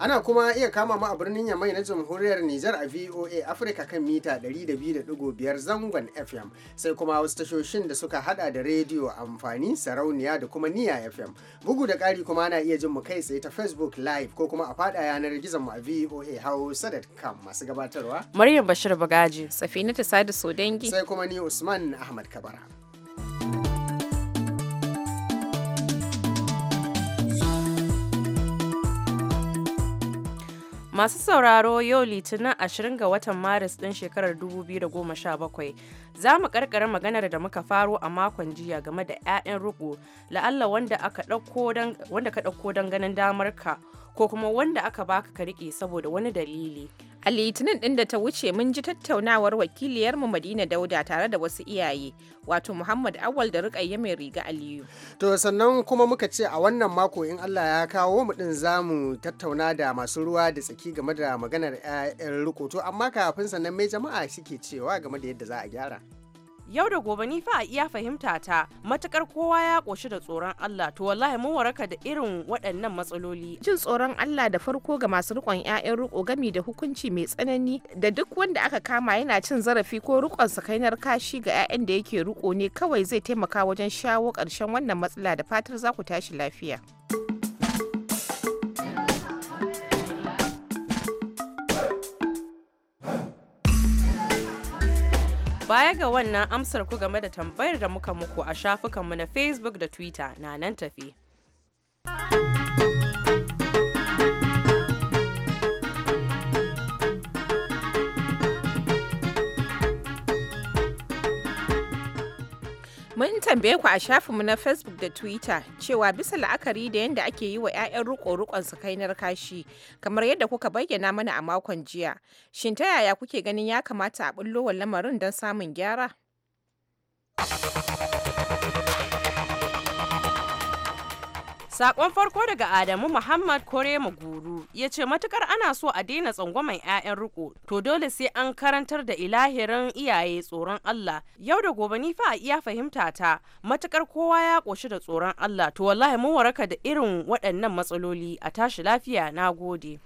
Ana kuma iya kama mu a birnin Yamai na Jamhuriyar Nijar a VOA Africa kan mita 200.5 zangon FM sai kuma wasu tashoshin da suka hada da rediyo amfani sarauniya da kuma niya FM. Bugu da kari kuma ana iya jin mu kai tsaye ta Facebook Live ko kuma a fada yanar gizon mu a VOA Hausa.com masu gabatarwa. Maryam Bashir Bagaji, Safinatu Sadu Sodengi. Sai kuma ni Usman Ahmad Kabara. Masu sauraro yau Litinin 20 ga watan Maris ɗin shekarar 2017 za mu karkara maganar da muka faro a makon jiya game da 'ya'yan riƙo la'alla wanda ka ɗauko don ganin damar ka ko kuma wanda aka baka ka riƙe saboda wani dalili. A Litinin ɗin da ta wuce mun ji tattaunawar wakiliyar mu Madina Dauda tare da wasu iyaye, wato Muhammad Awal da Rukayya mai riga Aliyu. To sannan kuma muka ce a wannan mako in Allah ya kawo mu ɗin za mu tattauna da masu ruwa da tsaki game da maganar 'ya'yan rukoto amma kafin sannan mai jama'a suke cewa game da yadda za a gyara. yau da gobe ni fa a iya fahimta ta matukar kowa ya ƙoshi da tsoron Allah to wallahi mun waraka da irin waɗannan matsaloli jin tsoron Allah da farko ga masu rikon ya'yan riko gami da hukunci mai tsanani da duk wanda aka kama yana cin zarafi ko rikon sakainar kashi ga ya'yan da yake riko ne kawai zai taimaka wajen shawo ƙarshen wannan matsala da fatar za ku tashi lafiya Baya ga wannan amsar ku game da tambayar da muka muku a shafukanmu na Facebook da Twitter na nan tafi. Mun tambaye ku a mu na Facebook da Twitter cewa bisa la'akari da yadda ake yi wa 'ya'yan riko-rikon su kainar kashi kamar yadda kuka bayyana mana a makon jiya. Shin ta yaya kuke ganin ya kamata a bullo lamarin don samun gyara? Sakon farko daga Adamu Muhammad Kore Maguru ya ce matukar ana so a daina tsangwaman 'ya'yan riko to dole sai an karantar da ilahirin iyaye tsoron Allah yau da gobe ni fa a iya fahimta ta matukar kowa ya koshi da tsoron Allah to wallahi mun waraka da irin waɗannan matsaloli a tashi lafiya na gode.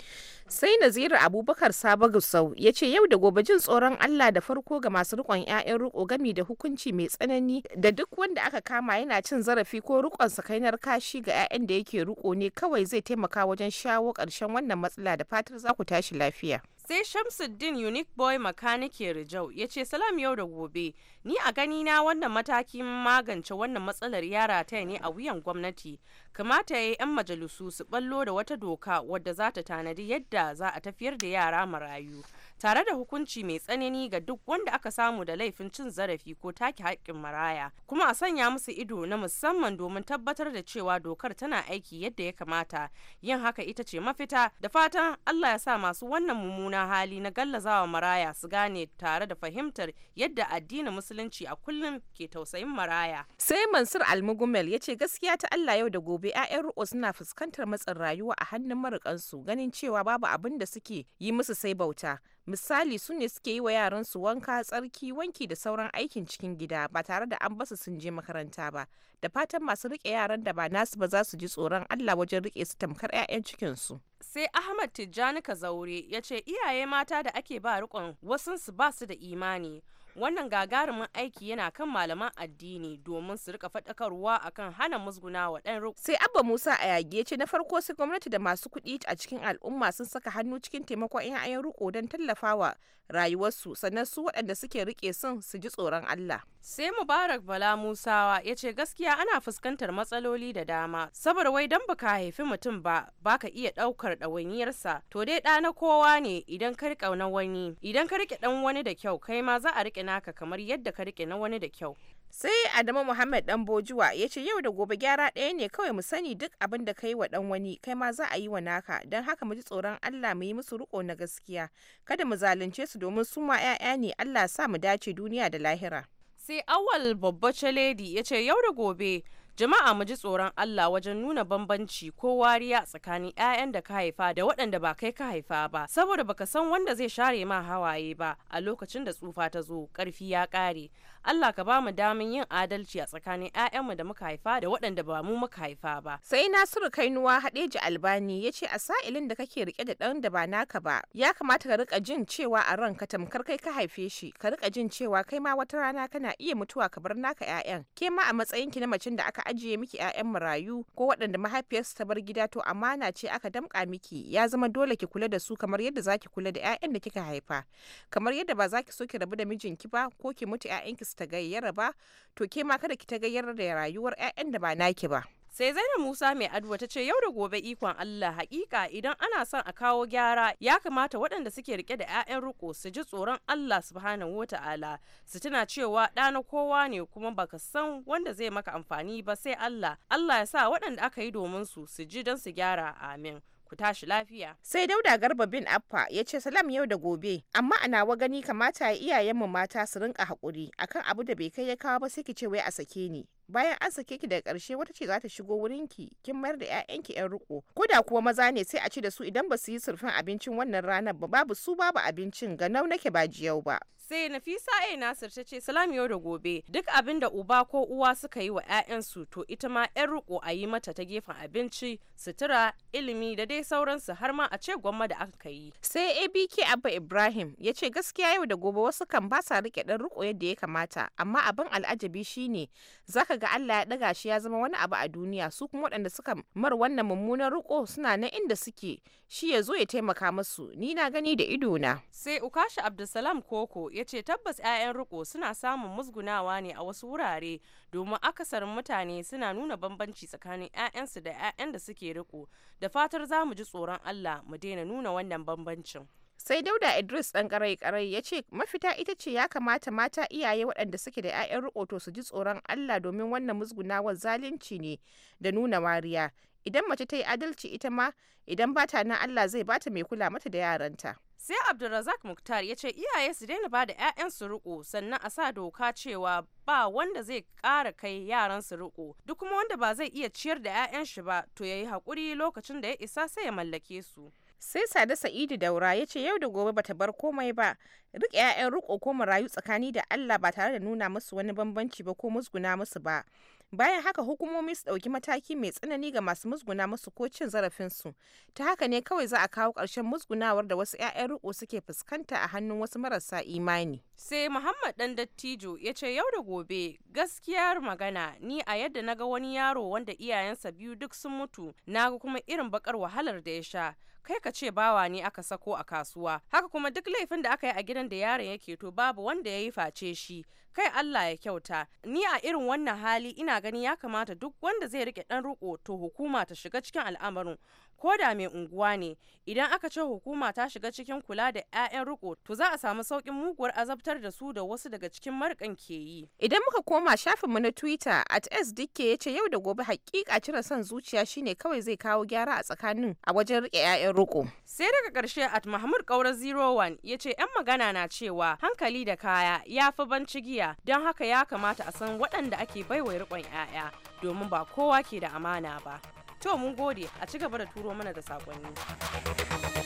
sai naziru abubakar sabo gusau ya ce yau da gobe jin tsoron allah da farko ga masu rikon 'ya'yan riko gami da hukunci mai tsanani da duk wanda aka kama yana cin zarafi ko rikon sakainar kashi ga 'ya'yan da yake riko ne kawai zai taimaka wajen shawo karshen wannan matsala da fatar za ku tashi lafiya sai shamsuddin unique boy makanike rijau ya ce salam yau da gobe Ni a gani na wannan matakin magance wannan matsalar yara ta ne a wuyan gwamnati. Kamata ya yi 'yan majalisu su ballo da wata doka wadda za ta tanadi yadda za a tafiyar da yara marayu. Tare da hukunci mai tsanani ga duk wanda aka samu da laifin cin zarafi ko take haƙƙin maraya. Kuma a sanya musu ido na musamman domin tabbatar da cewa dokar tana aiki yadda ya kamata. Yin haka ita ce mafita da fatan Allah ya sa masu wannan mummuna hali na gallazawa maraya su gane tare da fahimtar yadda addinin musulmi. musulunci a kullum ke tausayin maraya. Sai Mansur Almugumel ya ce gaskiya ta Allah yau da gobe 'ya'yan ru'o suna fuskantar matsin rayuwa a hannun marikansu ganin cewa babu abin da suke yi musu sai bauta. misali su ne suke yi wa yaran su wanka tsarki wanki da sauran aikin cikin gida ba tare da an basu sun je makaranta ba da fatan masu rike yaran da ba nasu ba za su ji tsoron allah wajen rike su tamkar 'ya'yan cikinsu sai ahmad tijjani kazaure ya ce iyaye mata da ake ba rikon wasunsu ba su da imani wannan gagarumin aiki yana kan malaman addini domin su rika faɗakarwa akan hana musguna wa ɗan ruk sai abba musa a yage ce na farko sai gwamnati da masu kuɗi a cikin al'umma sun saka hannu cikin taimakon 'ya'yan riko don tallafawa rayuwarsu sannan su waɗanda suke rike sun su ji tsoron allah sai mubarak bala musawa ya ce gaskiya ana fuskantar matsaloli da dama saboda wai dan baka haifi mutum ba baka iya ɗaukar ɗawainiyarsa to dai ɗa na kowa ne idan ka riƙe na wani idan ka riƙe ɗan wani da kyau kai ma za a riƙe naka kamar yadda ka rike na wani da kyau sai adamu muhammad dan bojuwa ya ce yau da gobe gyara ɗaya ne kawai mu sani duk abin da ka yi wa dan wani kai ma za a yi wa naka don haka mu ji tsoron allah mu yi musu riko na gaskiya kada mu zalunce su domin su ma 'ya'ya ne allah sa mu dace duniya da lahira sai awal babba lady ya ce yau da gobe Jama'a mu ji tsoron Allah wajen nuna bambanci ko wariya tsakanin 'ya'yan da ka haifa da waɗanda ba kai ka haifa ba, saboda baka san wanda zai share ma hawaye ba a lokacin da tsufa ta zo ƙarfi ya ƙare. Allah ka ba mu damin yin adalci a tsakanin 'ya'yanmu da muka haifa da waɗanda ba mu muka haifa ba. Sai Nasiru Kainuwa Hadeji Albani ya ce a sa'ilin da kake rike da ɗan da ba naka ba ya kamata ka rika jin cewa a ranka tamkar kai ka haife shi ka rika jin cewa kai ma wata rana kana iya mutuwa ka bar naka 'ya'yan ke ma a matsayin ki na macin da aka ajiye miki 'ya'yan marayu ko waɗanda mahaifiyarsu ta bar gida to amana ce aka damƙa miki ya zama dole ki kula da su kamar yadda zaki kula da 'ya'yan da kika haifa kamar yadda ba za ki so ki rabu da mijinki ba ko ki mutu 'ya'yanki su ta gayyara ba to ke ma kada ki ta gayyar da rayuwar 'ya'yan da ba naki ba sai zainab musa mai adwa ta ce yau da gobe ikon allah hakika idan ana son a kawo gyara ya kamata waɗanda suke rike da 'ya'yan riko su ji tsoron allah subhanahu wata'ala su tuna cewa ɗa kowa ne kuma baka san wanda zai maka amfani ba sai allah allah ya sa waɗanda aka yi domin su su ji don su gyara amin ku tashi lafiya. Sai Dauda Garba bin Affa ya ce salam yau da gobe amma a nawa gani kamata iyayenmu mata su rinka haƙuri akan abu da bai kai ya kawo ba sai ki ce wai a sake ni bayan an sake ki daga ƙarshe wata ce za ta shigo wurinki kin mayar da 'ya'yanki 'yan riko ko da kuwa maza ne sai a ci da su idan ba su yi surfin abincin wannan ranar ba babu su babu abincin ga nau nake ba jiyau ba sai nafisa a nasir ta ce salam yau da gobe duk abin da uba ko uwa suka yi wa 'ya'yansu to ita ma 'yan riko a yi mata ta gefen abinci sutura ilimi da dai sauransu har ma a ce gwamma da aka yi sai abk abba ibrahim ya ce gaskiya yau da gobe wasu kan ba sa rike ɗan riko yadda ya kamata amma abin al'ajabi shine zaka ga Allah ya ɗaga shi ya zama wani abu a duniya su kuma waɗanda suka mar wannan mummunan riko suna na inda suke shi ya zo ya taimaka musu ni na gani da ido na. Sai Ukashi Abdulsalam Koko ya ce tabbas 'ya'yan riko suna samun musgunawa ne a wasu wurare domin akasarin mutane suna nuna bambanci tsakanin 'ya'yansu da 'ya'yan da suke riko da fatar za mu ji tsoron Allah mu daina nuna wannan bambancin. sai dauda idris dan karai karai ya ce mafita ita ce ya kamata mata iyaye waɗanda suke da 'ya'yan rikoto su ji tsoron allah domin wannan musgunawar zalunci ne da nuna wariya idan mace ta yi adalci ita ma idan bata na allah zai bata mai kula mata da yaranta sai abdulrazak muktar ya ce iyaye su daina ba da 'ya'yan su riko sannan a sa doka cewa ba wanda zai ƙara kai yaran su riko duk kuma wanda ba zai iya ciyar da 'ya'yan shi ba to ya yi hakuri lokacin da ya isa sai ya mallake su sai sada sa'idu daura ya ce yau da gobe bata bar komai ba rike 'ya'yan riko ko marayu tsakani da allah ba tare da nuna musu wani bambanci ba ko musguna musu ba bayan haka hukumomi su ɗauki mataki mai tsanani ga masu musguna musu ko cin zarafinsu ta haka ne kawai za a kawo ƙarshen musgunawar da wasu 'ya'yan riko suke fuskanta a hannun wasu marasa imani sai muhammad dan dattijo ya ce yau da gobe gaskiyar magana ni a yadda na ga wani yaro wanda iyayensa biyu duk sun mutu na ga kuma irin bakar wahalar da ya sha kai ka ce bawa ne aka sako a kasuwa haka kuma duk laifin da aka yi a gidan da yaron yake to babu wanda ya yi face shi kai Allah ya kyauta ni a irin wannan hali ina gani ya kamata duk wanda zai rike dan riko to hukuma ta shiga cikin al'amarin ko da mai unguwa ne idan aka ce hukuma ta shiga cikin kula da 'ya'yan riko to za a samu saukin muguwar azabtar da su da wasu daga cikin markan ke yi idan muka koma shafin mu na twitter at sdk ya ce yau da gobe hakika cire son zuciya shine kawai zai kawo gyara a tsakanin a wajen rike 'ya'yan riko sai daga karshe at mahmud kaura 01 ya ce 'yan magana na cewa hankali da kaya ya fi banci giya don haka ya kamata a san waɗanda ake baiwa rikon 'ya'ya domin ba kowa ke da amana ba To mun gode a ci gaba da turo mana da saƙonni.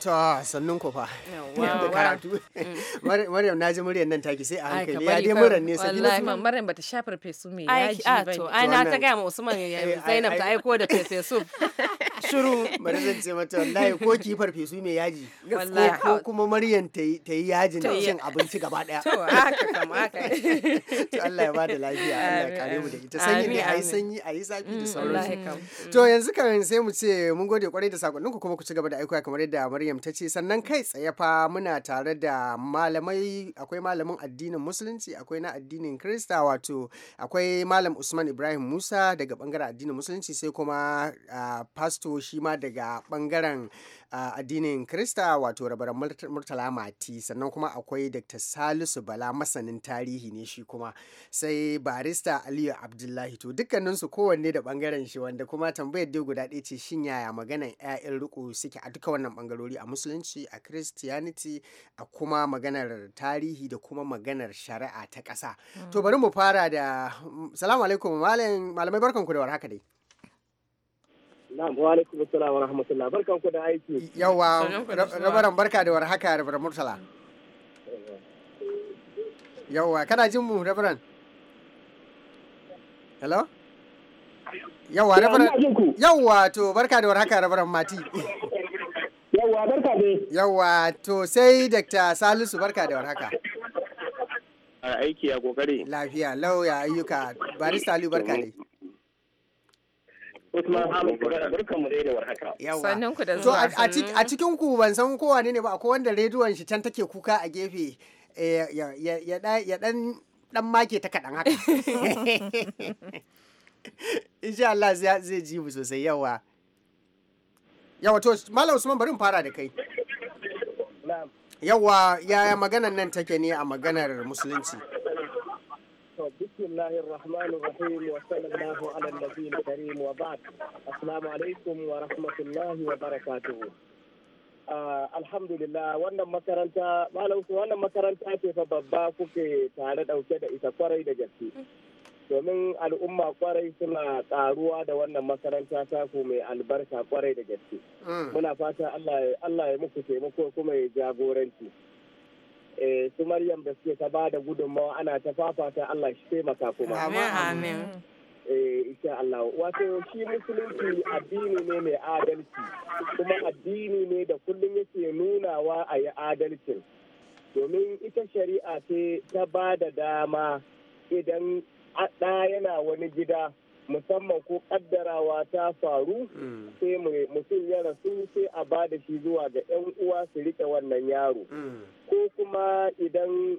ta sannun ku fa da karatu mm. maryam na ji muryar nan take sai a hankali ya dai murar ne sai usman maryam bata shafar fesu mai yaji ba to ai na ta ga ma usman zainab ta aiko da fesu shiru bari zan ce mata wallahi ko kifar fesu mai yaji ko kuma maryam ta yi yajin cin abinci gaba daya to haka kama haka to Allah ya bada lafiya Allah ya kare mu da ita sanyi ne ayi sanyi ayi zafi da mm, sauransu to yanzu kan sai mu ce mun gode kwarai da sakonninku kuma ku ci gaba da aikowa kamar yadda maryam Maryam ta ce sannan kai tsaye fa muna tare da malamai akwai malamin addinin musulunci akwai na addinin Krista wato akwai malam Usman Ibrahim Musa daga bangaren addinin musulunci sai kuma uh, ah, pasto shi ma daga bangaren a addinin Krista wato rabaran Murtala Mati sannan kuma akwai Dr. Salisu Bala masanin tarihi ne shi kuma sai barista Aliyu Abdullahi to dukkanin su kowanne da bangaren shi wanda kuma tambayar dai guda ɗaya ce shin yaya maganan 'ya'yan riko suke a duka wannan bangarori a musulunci a Christianity a kuma maganar tarihi da kuma maganar shari'a ta ƙasa. Mm. To bari mu fara da salamu alaikum malamai barkanku da warhaka dai. Na'am wa wa rahmatullah barkan ku da aiki. Yawa rabaran barka da warhaka Murtala. kana jin mu rabaran? Hello? rabaran to barka da warhaka rabaran Mati. Yawa barka to sai Dr. Salisu barka da warhaka. aiki a kokari. Lafiya lauya ayyuka bari salu barka Usman Hamid Kabara barkanmu dai da warhaka. Sannan ku da zuwa. To a cikin ku ban san kowa ne ba akwai wanda rediyon shi can take kuka a gefe eh, ya dan dan make ta kadan haka. Insha Allah zai ji mu sosai yawa. Yawa to Malam Usman bari mu fara da kai. Yawa yaya maganar nan take ne a maganar musulunci? بسم الله الرحمن الرحيم وصلى الله على النبي الكريم وبعد السلام عليكم ورحمة الله وبركاته wannan makaranta malam wannan makaranta ce fa babba kuke tare dauke da ita kwarai da gaske domin al'umma kwarai suna karuwa da wannan makaranta taku mai albarka kwarai da gaske mm. muna fata Allah ya muku taimako kuma ya jagoranci Eh, su maryam da suke ta ba da gudunmawa ana ta fafata allah shi taimaka kuma amin amin eh, insha Allah wato shi musulunci addini ne mai adalci kuma addini ne da kullum yake nunawa a yi adalcin domin ita shari'a ce ta ba da dama idan ɗa yana wani gida musamman ko kaddarawa ta faru mm. sai mutum ya rasu sai a ba da shi zuwa ga 'yan uwa su rike wannan yaro mm. ko kuma idan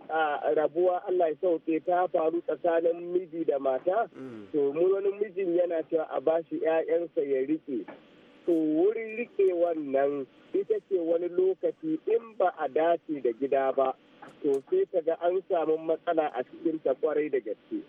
rabuwa Allah ya sauke ta faru tsakanin miji da mata mm. to mu wani mijin yana cewa a ba shi 'ya'yansa ya rike to wurin rike wannan ita ce wani lokaci in ba a dace da gida ba to sai ga an samu matsala a cikin ta kwarai da gaske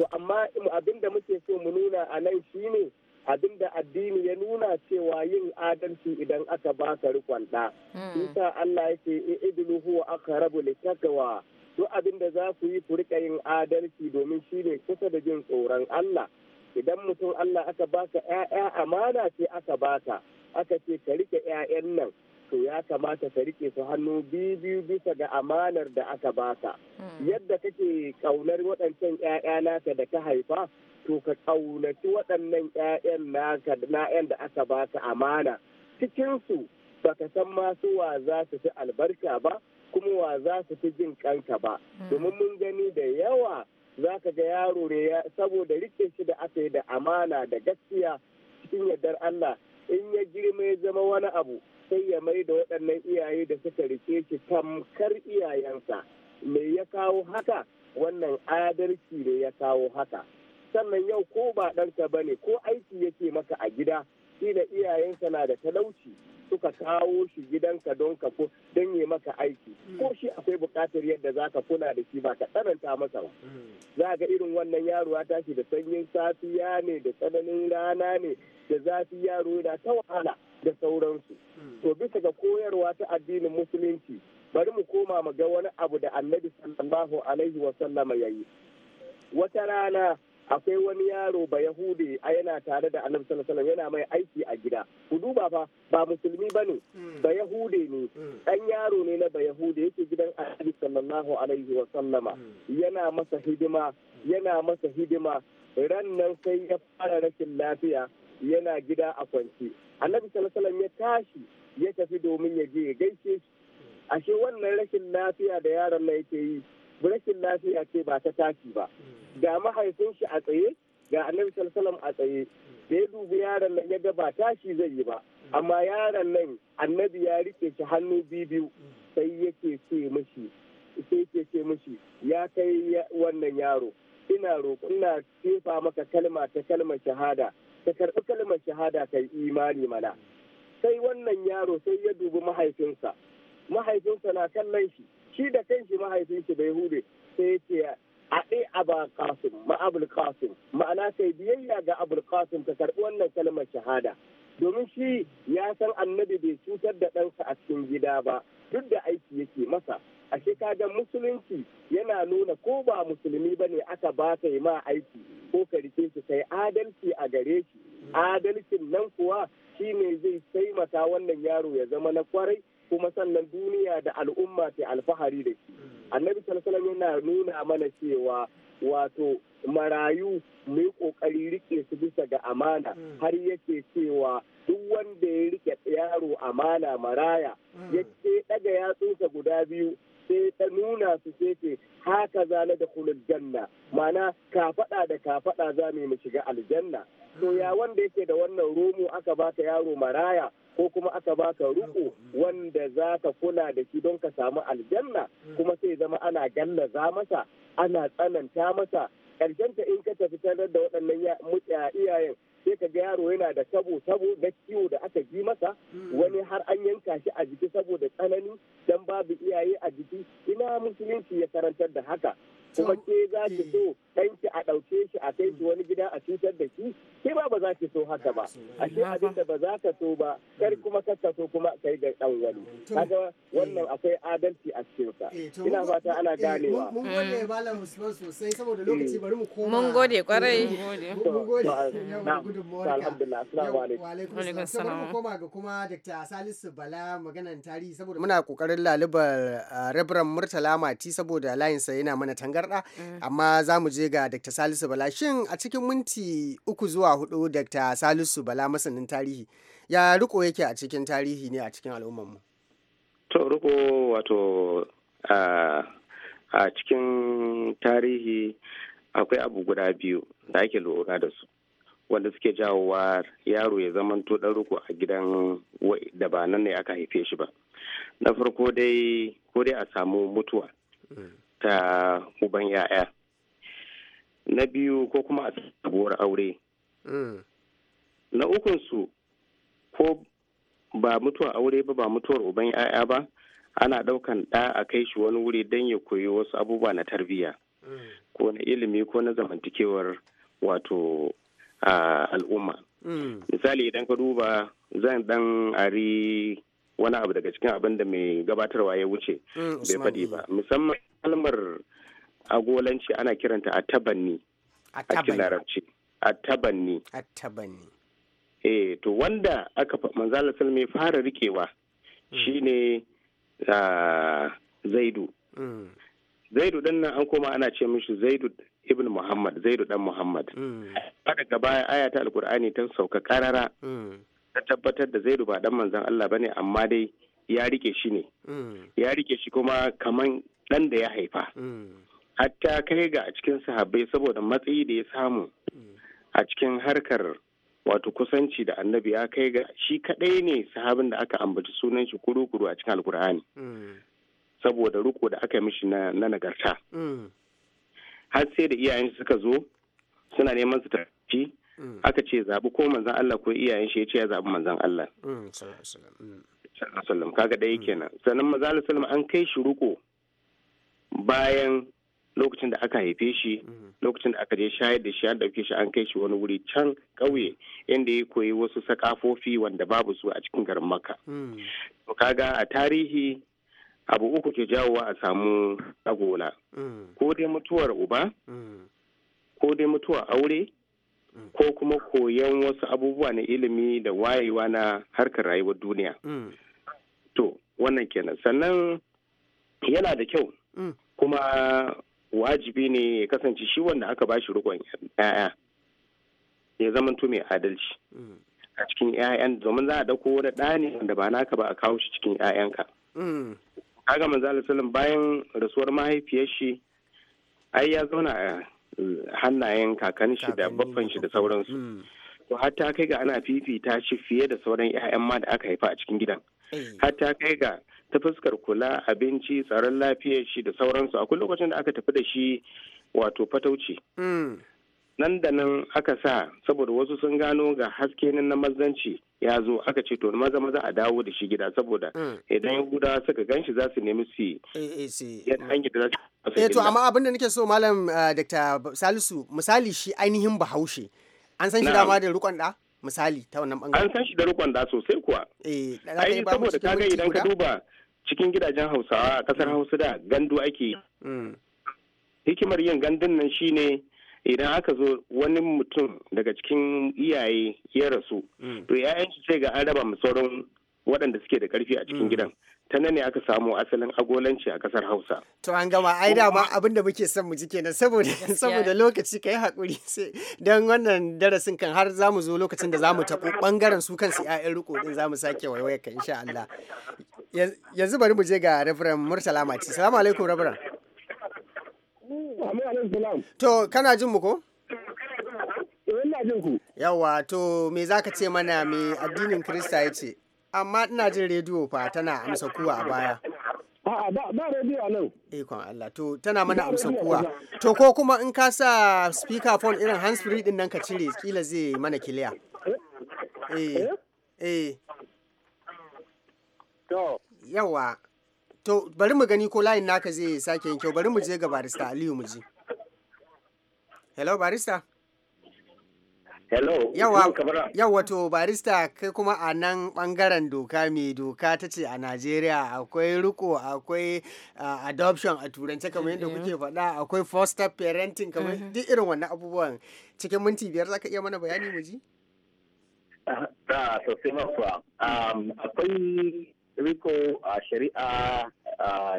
to amma abinda muke so mu nuna a nan shine abin da addini ya nuna cewa yin adalci idan aka ba ka rikon ɗa. Hmm. Isa Allah ya yake idulu huwa rabu litaqwa duk abin da za ku yi ku rika yin adalci domin shi ne kusa da jin tsoron Allah idan mutum Allah aka ba ka 'ya'ya amana ce aka ba baka aka ce ka rike 'ya'yan nan to ya kamata ka rike su hannu biyu biyu bisa ga amanar da aka baka hmm. yadda kake kaunar waɗancan 'ya'ya naka da ka haifa to ka kaunaci waɗannan 'ya'yan naka na'yan da aka baka amana cikinsu baka san masu wa za su fi albarka ba kuma wa za su fi jin kanka ba hmm. domin mun gani da yawa za ka ga yaro ne saboda rike shi da aka yi da amana da gaskiya cikin yardar Allah in ya girma ya zama wani abu sai ya mai da waɗannan iyaye da suka rike shi tamkar iyayensa me ya kawo haka wannan adalci ne ya kawo haka sannan yau ko ba ɗanka ba ne ko aiki yake maka a gida shi da iyayensa na da talauci suka kawo shi gidanka don ka ko don yi maka aiki mm. ko shi akwai buƙatar yadda za ka kula da shi ba ka tsananta masa ba mm. za ga irin wannan yaro ya tashi da sanyin safiya ne da tsananin rana ne da zafi yaro yana ta wahala da sauransu hmm. to bisa ga koyarwa ta addinin musulunci bari mu koma mu ga wani abu da annabi sallallahu alaihi wa sallama ya yi wata rana akwai wani yaro ba yahudi a yana tare da annabi sallallahu alaihi yana mai aiki a gida ku duba fa ba musulmi bane ba hmm. yahudi sallallahu alaihi wa sallama hmm. yana masa hidima hmm. yana masa hidima rannan sai ya fara rashin lafiya yana gida a kwanci annabi sallallahu ya tashi ya tafi domin ya je gaishe shi hmm. ashe wannan rashin lafiya da yaron nan yake yi rashin lafiya ce ba ta tashi ba ga mahaifin shi a tsaye ga annabi sallallahu a tsaye da ya dubi yaron nan ya ba tashi zai yi ba amma yaron nan annabi ya rike shi hannu biyu sai yake ce mashi sai ke ce mishi ya kai wannan yaro ina roƙo ina tefa maka kalma ta kalmar shahada ta karɓi kalmar shahada kai imani mana sai wannan yaro sai ya dubi mahaifinsa mahaifinsa na kallon shi shi da kanshi mahaifin shi bai hude sai ce a ɗe aba ma abul ma'ana kai biyayya ga abul ta ta karɓi wannan kalmar shahada domin shi ya san annabi bai cutar da ɗansa a cikin gida ba duk da aiki yake masa a kaga musulunci yana nuna ko ba musulmi ba ne aka ba ka yi ma aiki ko ka rike shi kai adalci a gare shi adalcin nan kuwa shi ne zai taimaka wannan yaro ya zama na kwarai kuma sannan duniya da al'umma ta alfahari da shi annabi sallallahu yana nuna mana cewa wato marayu mai kokari rike su bisa ga amana hmm. har yake cewa duk wanda ya rike yaro amana maraya hmm. ya ce daga yatsunsa guda biyu sai ta nuna su sai ce haka za na da kulul janna mana kafaɗa da kafaɗa za mu shiga aljanna to ya hmm. wanda yake da wannan romo aka baka yaro maraya ko kuma aka baka ruku wanda za ka kula da shi don ka samu aljanna kuma sai zama ana gallaza masa ana tsananta masa ƙarshenta in ka tafi tarar da waɗannan iyayen sai ka ga yaro yana da sabu-sabu na ciwo da aka ji masa wani har an yanka shi a jiki saboda tsanani dan babu iyaye a jiki ina musulunci ya karantar da haka kuma ke za ki so eh. ɗanki a ɗauke shi a kai shi hmm. wani gida a cutar da shi ke ba ba za ki so haka ba hmm. a shi abin da ba za ka so ba kar hmm. kuma ka so kuma kai ga ɗan wani haka wannan akwai adalci a cikin ka eh, ina fata ana eh, ganewa mun gode malam musulman sosai saboda lokaci bari mu koma mun gode kwarai mun gode na alhamdulillah assalamu alaikum wa alaikum assalam mun koma ga kuma Dr. Salisu Bala maganan tarihi saboda muna kokarin lalubar ah, rabran Murtala Mati saboda layin sa yana mana tanga tangarɗa mm. amma za mu je ga Dr. Salisu Bala shin a cikin minti uku zuwa hudu Dr. Salisu Bala masanin tarihi ya riko yake a cikin tarihi ne a cikin al'ummar mu to riko wato a cikin tarihi akwai abu guda biyu da ake lura da su wanda suke jawowa yaro ya to dan riko a gidan da ba nan ne aka haife shi ba na farko dai ko dai a samu mutuwa mm. ta uban yaya na biyu ko kuma a sabuwar aure mm. na ukunsu ko ba mutuwar aure ba ba mutuwar uban yaya ba ana ɗaukan ɗa a kai shi wani wuri don ya koyi wasu abubuwa na tarbiyya mm. ko na ilimi ko na zamantakewar wato al'umma mm. misali idan ka duba zan dan ari wani abu daga cikin abin da mai gabatarwa ya wuce bai faɗi ba musamman kalmar agolanci ana kiranta a tabanni a cikin a tabanni a tabanni eh to wanda aka manzala salmi fara rikewa hmm. shine ah, zaidu hmm. zaidu ɗannan nan an koma ana ce mishi zaidu ibn muhammad zaidu dan muhammad haka hmm. gaba aya ta alkur'ani ta sauka karara ta tabbatar da zaidu ba dan manzan Allah bane amma dai ya rike shi ne mm. ya rike shi kuma kaman ɗan da ya haifa mm. hatta kai ga a cikin sahabbai saboda matsayi da ya samu mm. a cikin harkar wato kusanci da annabi ya kai ga shi kaɗai ne sahabin da aka ambaci sunan shi kuru-kuru a cikin alkur'ani saboda riko da aka mishi na nagarta har sai da iyayen suka zo suna neman su tafi Mm. aka ce zaɓi ko manzan Allah ko iyayen shi ya ce ya zaɓi manzan Allah mm, sallam mm. kaga ɗaya kenan sannan maza sallam an kai shi ruko bayan lokacin da aka haife shi lokacin da aka je shayar da shi an ɗauke shi an kai shi wani wuri can ƙauye inda ya koyi wasu sakafofi wanda babu su a cikin garin makka kaga a tarihi abu uku ke jawowa a samu agola ko dai mutuwar uba ko dai mutuwar aure ko kuma koyon wasu abubuwa na ilimi da wayewa na harkar rayuwar duniya. Mm. To, wannan kenan. Sannan yana da kyau mm. kuma wajibi ne ya kasance shi wanda aka ba shi rikon ‘ya'ya ya zama mai adalci mm. a cikin ‘ya'yan domin za a dauko wani ɗa ne wanda ba naka ba a kawo shi cikin ‘ya'yanka. Kaga manzo bayan rasuwar mahaifiyar shi ai ya zauna a hannayen kakan shi da baffan shi da sauransu mm. to har ta kai ga ana fifita shi fiye da sauran 'ya'yan ma da aka haifa a cikin gidan eh. har ta kai ga ta fuskar kula abinci tsaron lafiyar shi da sauransu akwai lokacin da aka tafi da shi wato fatauci mm. nan da nan aka sa saboda wasu sun gano ga haske na mazanci ya zo aka ce to maza maza a dawo da shi gida saboda mm. idan guda suka gan shi za su nemi su eh, eh, yan da za su eh, to amma abin da nake so malam uh, dr salisu misali shi ainihin bahaushe an san shi dama da rukon da misali ta wannan bangare an san shi da rukon da sosai kuwa eh saboda kaga idan ka duba cikin gidajen hausawa a kasar mm. hausa da gandu ake mm. hikimar yin gandun nan shine idan aka zo wani mutum daga cikin iyaye ya rasu mm. to ‘ya'yan shi sai ga an raba mu sauran waɗanda suke da karfi a cikin mm. gidan ta nan ne aka samu asalin agolanci a ƙasar hausa to an gama ai dama abin da muke son mu ji kenan saboda saboda lokaci kai hakuri sai dan wannan darasin kan har za mu zo lokacin da za mu taɓo ɓangaren su kansu yayan riko din mu sake waiwaye ka insha Allah yanzu bari mu je ga Reverend Murtala Mati salamu alaikum Reverend salam. To kana jin mu ko? Ina jin ku. Yawa to me zaka ce mana me addinin Kirista ya ce? Amma ina jin rediyo fa tana amsa kuwa a baya. A'a ba ba rediyo a nan. Ikon Allah to tana mana amsa kuwa. To ko kuma in ka sa speaker phone irin hands free din nan ka cire kila zai mana kiliya. Eh. Eh. eh? eh. To. Yawa. To bari mu gani ko layin naka zai sake yin kyau bari mu je ga barista Aliyu mu je. hello barista hello yawa yawa to barista kai kuma a nan bangaren doka mai doka ta ce a najeriya akwai riko akwai adoption a turance kamar yadda kuke mm-hmm. faɗa akwai foster parenting kamar mm-hmm. duk irin wannan abubuwan cikin minti biyar zaka iya mana bayani mu ji ah, da sosai akwai riko a shari'a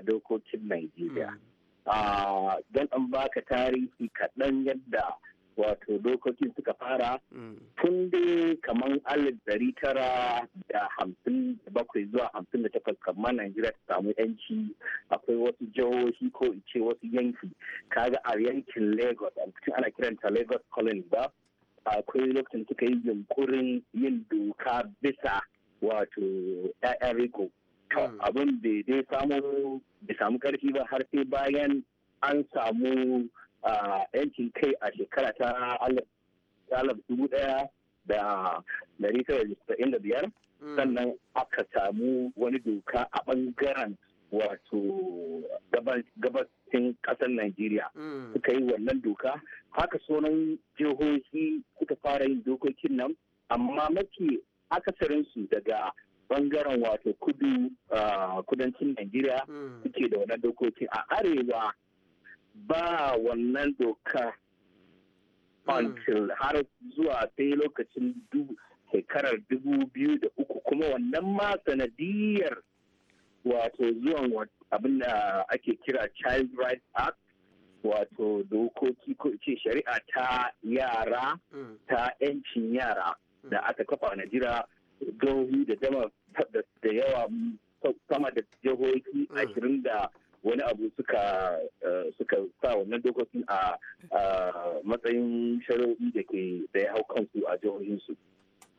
dokokin najeriya mm. don an baka tarihi kaɗan yadda wato dokokin suka fara mm. tun da kaman alif dari tara da hamsin da bakwai zuwa hamsin da takwas kamar Najeriya ta samu yanci akwai wasu jihohi ko ce wasu yanki kaga a yankin Lagos a cikin ana kiranta Lagos Colony ba akwai lokacin suka yi yunkurin yin doka bisa wato 'ya'yan riko Hmm. abin bai dai samu bai samu karfi ba har sai bayan an samu yankin kai a shekara ta alif dubu daya da dari da biyar hmm. sannan aka samu wani doka a bangaren wato gabacin kasar Najeriya hmm. suka yi wannan doka haka sauran jihohi suka fara yin dokokin nan amma mafi akasarinsu daga bangaren wato kudu kudancin Najeriya hmm. suke da wannan dokoki a arewa ba wannan doka hmm. until har zuwa sai lokacin shekarar dubu biyu da uku kuma wannan ma sanadiyar wato zuwan abin da ake kira child rights act wato dokoki ko ce shari'a ta yara hmm. ta 'yancin yara da aka kafa a najira jihohi da dama da yawa sama da jihohi mm. ashirin da wani abu suka eh, suka sa wannan dokokin a matsayin shari'o'i da ke da ya hau kansu a jihohinsu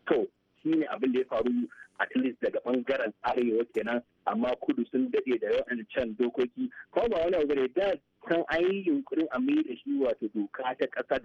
to shi ne abin da ya faru at least daga bangaren arewa kenan amma kudu sun daɗe da yawan can dokoki kuma ba wani abu da kan an yi yunkurin a mai da shi wato doka ta ƙasa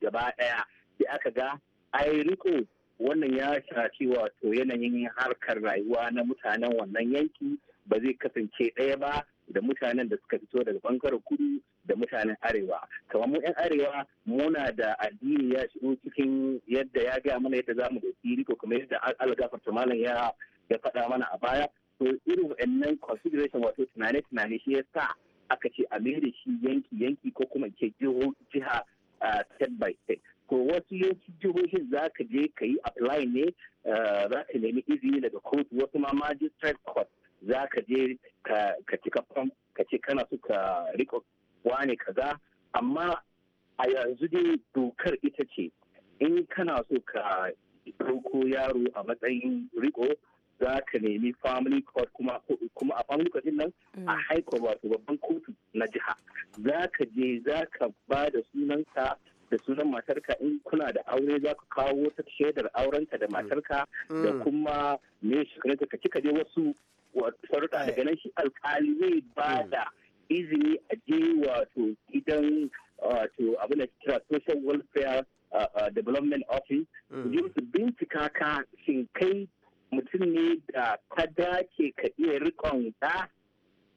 gaba daya sai aka ga ai riko wannan ya shafi wato yanayin harkar rayuwa na mutanen wannan yanki ba zai kasance ɗaya ba da mutanen da suka fito daga bangaren kudu da mutanen arewa kamar mu 'yan arewa muna da addini ya shigo cikin yadda ya gaya mana yadda za mu da riko kamar yadda algafar malam ya ya faɗa mana a baya to irin wa'annan consideration wato tunane tunane shi ya sa aka ce a mai shi yanki yanki ko kuma ke jiha ah, step by step to wasu jihohin za ka je ka yi apply ne eh, za ka nemi izini daga kotu wasu ma magistrate court za ka je ka cika form ka ce kana so ka riko wani kaza amma a yanzu dai dokar ita ce in kana so ka ɗauko yaro a matsayin riko za ka nemi family court kuma a family court din nan mm. a high court wato babban kotu na jiha za ka je za ka ba da sunanka da sunan matarka in kuna da aure za ku kawo wata shaidar aurenka da matarka da mm. kuma me shekarunka ka kika je wasu sarrafa daga nan shi alkali zai ba mm. da izini a je wato gidan wato abin da kira social welfare uh, uh, development office yin mm. su bincika ka shin kai mutum ne da ka dace ka iya rikon ta.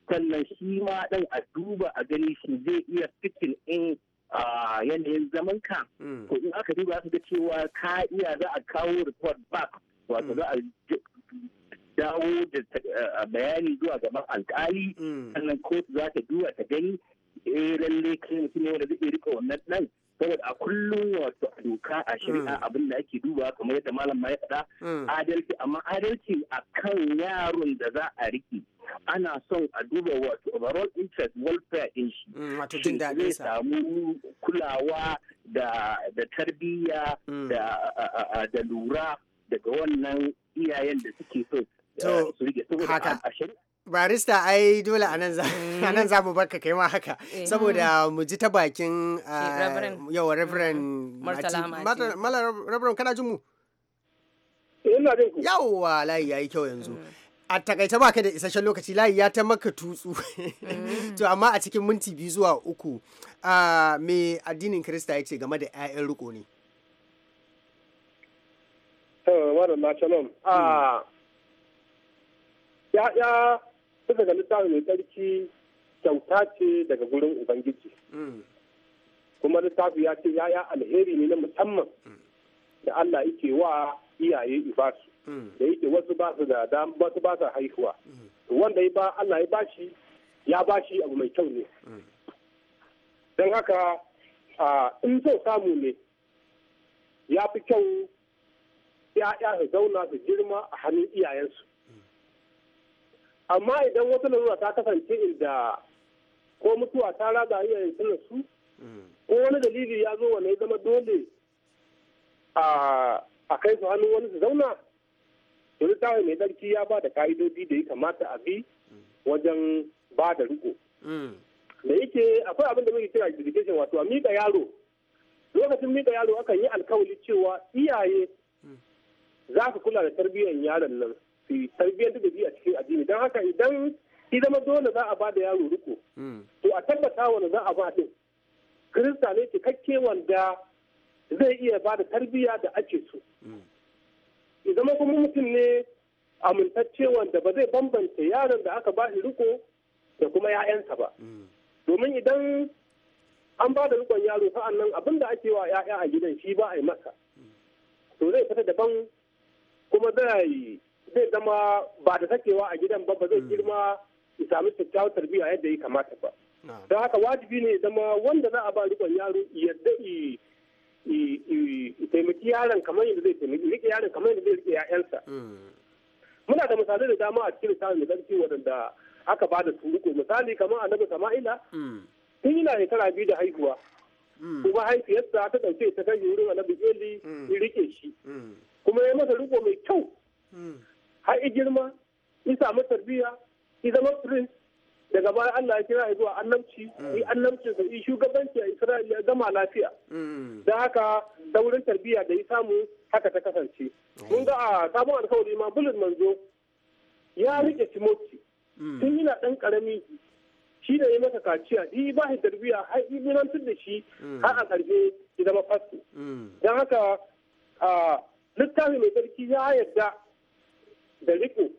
sannan shi ma dan a duba a gani shi zai iya fitin in yanayin zaman ka ko mm. in aka duba su ga cewa ka iya za a kawo report back wato mm. za a dawo da eh, bayani zuwa gaban alkali mm. sannan kotu za ta duba ta gani eh lalle kai mutum ne wanda zai rika wannan dan saboda a kullum wato a doka a shari'a abin da ake duba kamar yadda malam ma ya faɗa adalci amma adalci akan yaron da za a rike ana son a duba wato overall interest welfare in shi mm, wato jin daɗin sa samu kulawa da da tarbiyya mm. da da lura daga wannan iyayen da suke so eh, su rike saboda a barista ai dole anan mm. za mu baka kai ma haka eh. saboda mu ji ta bakin yawa eh, ah, reverend mala reverend kana jin mu yawwa layi yi kyau yanzu a takaice baka da isasshen lokaci layi ya ta maka tutsu mm. to amma a cikin minti biyu zuwa uku me addinin kirista ya ce game da 'ya'yan riko ne ya'ya mm. ga littafin mai tsarki kyauta ce daga gurin ubangiji mm. kuma littafi ya ce ya'ya alheri ne na musamman da Allah yake wa iyaye ibasu hmm. da yake wasu ba su da dam wasu ba su haihuwa hmm. wanda ya ba Allah ya bashi ya bashi abu mai kyau ne hmm. don haka in so samu ne ya fi kyau ya'ya su zauna su girma a hannun iyayensu amma idan wata lalura ta kasance inda ko mutuwa ta raga iyayen su ko wani dalili ya zo wane zama dole a kai su hannu wani su zauna to littafin mai tsarki ya ba da ka'idodi da ya kamata a bi wajen ba da riko mm. da yake akwai abin da muke kira education wato a miƙa yaro lokacin miƙa yaro akan yi alkawali cewa iyaye za su kula da tarbiyyar yaron nan su tarbiyyar da a cikin addini don haka idan shi zama dole za a ba da yaro riko mm. to a tabbata wani za a ba din kirista ne cikakke wanda zai iya ba da tarbiyya da ake so zama kuma mutum ne amintacce wanda ba zai bambanta yaron da aka ba shi riko da kuma 'ya'yansa ba domin idan an ba da rikon yaro sa'an nan abin da ake wa 'ya'ya a gidan shi ba a yi masa to zai fita daban kuma zai zai zama ba da sakewa a gidan ba ba zai mm. girma ya sami kyakkyawar tarbiyya yadda ya kamata ba don haka wajibi ne zama wanda za a ba rikon yaro yadda taimaki yaron kamar yadda zai taimaki rike yaron kamar yadda zai rike ya'yansa muna da misalai da dama a cikin misalin da wadanda aka ba da turuko misali kamar annabi sama'ila tun yana shekara biyu da haihuwa kuma haifiyarsa ta ɗauke ta kai wurin annabi eli ya rike shi kuma ya masa riko mai kyau har i girma i samu tarbiyya i zama prince daga baya Allah ya kira ya zuwa annabci mm. yi annabci da yi shugabanci a Isra'ila ya gama lafiya mm. da haka ta wurin tarbiyya da ya samu haka ta kasance mun oh. ga a sabon alkawari ma bulin manzo ya mm. rike Timoti tun yana dan karami shi da ya masa kaciya shi ba shi tarbiyya har yi bilantar da shi har a karshe ya zama fasto don haka littafi mai tsarki ya yarda da riko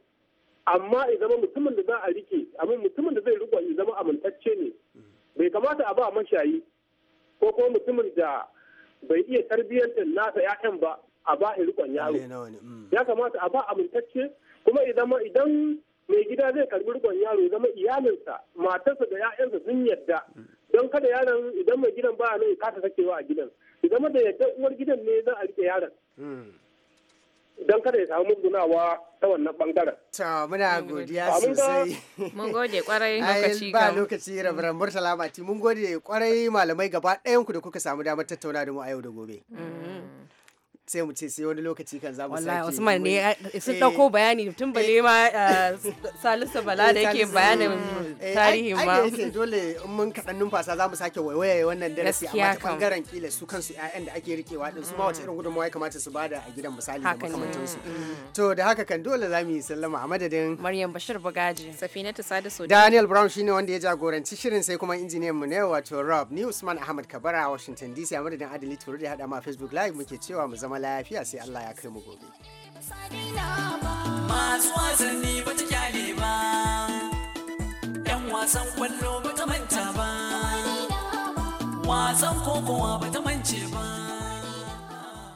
amma ya zama mutumin da za a rike amma mutumin da zai riko ya zama amintacce ne bai kamata a ba mashayi ko kuma mutumin da bai iya tarbiyyantar nasa ya'yan ba a ba a rikon yaro mm. ya kamata a ba amintacce kuma idan idan mai gida zai karbi rikon yaro ya zama iyalinsa matarsa da ya'yansa sun yadda don kada yaron idan mai gidan ba nan ya kasa sakewa a gidan idan da yadda uwar gidan ne za a rike yaron mm. don kada ya samu musgunawa ta wannan bangaren. Ta muna godiya sosai. Mun gode kwarai lokaci ba lokaci rabaran murtala mati mun gode kwarai malamai gaba ɗayan ku da kuka samu damar tattauna da mu a yau da gobe. Mm. sai mu ce sai wani lokaci kan za mu sake wallahi Usman ne sun dauko eh. bayani tun bale ma eh. uh, Salisu Bala da yake bayanin eh, tarihin ma ai sai dole in mun kaɗan numfasa za mu sake waiwaye wannan darasi amma ta bangaren kila su kansu ƴaƴan da ake rikewa din su ma wace irin gudunmawa ya kamata su bada a gidan misali da su mm. to da haka kan dole za mu yi sallama a madadin Maryam Bashir Bagaji Safinatu Sadisu Daniel Brown shine wanda ya jagoranci shirin sai kuma injiniyan mu ne wato Rob ni Usman Ahmad Kabara a Washington DC a madadin Adili Turu da hada ma Facebook live muke cewa mu zama gama lafiya sai Allah ya kai mu gobe. Masu wasanni ba ta kyale ba, ‘yan wasan kwallo ba ta manta ba, wasan kokowa ba ta mance ba.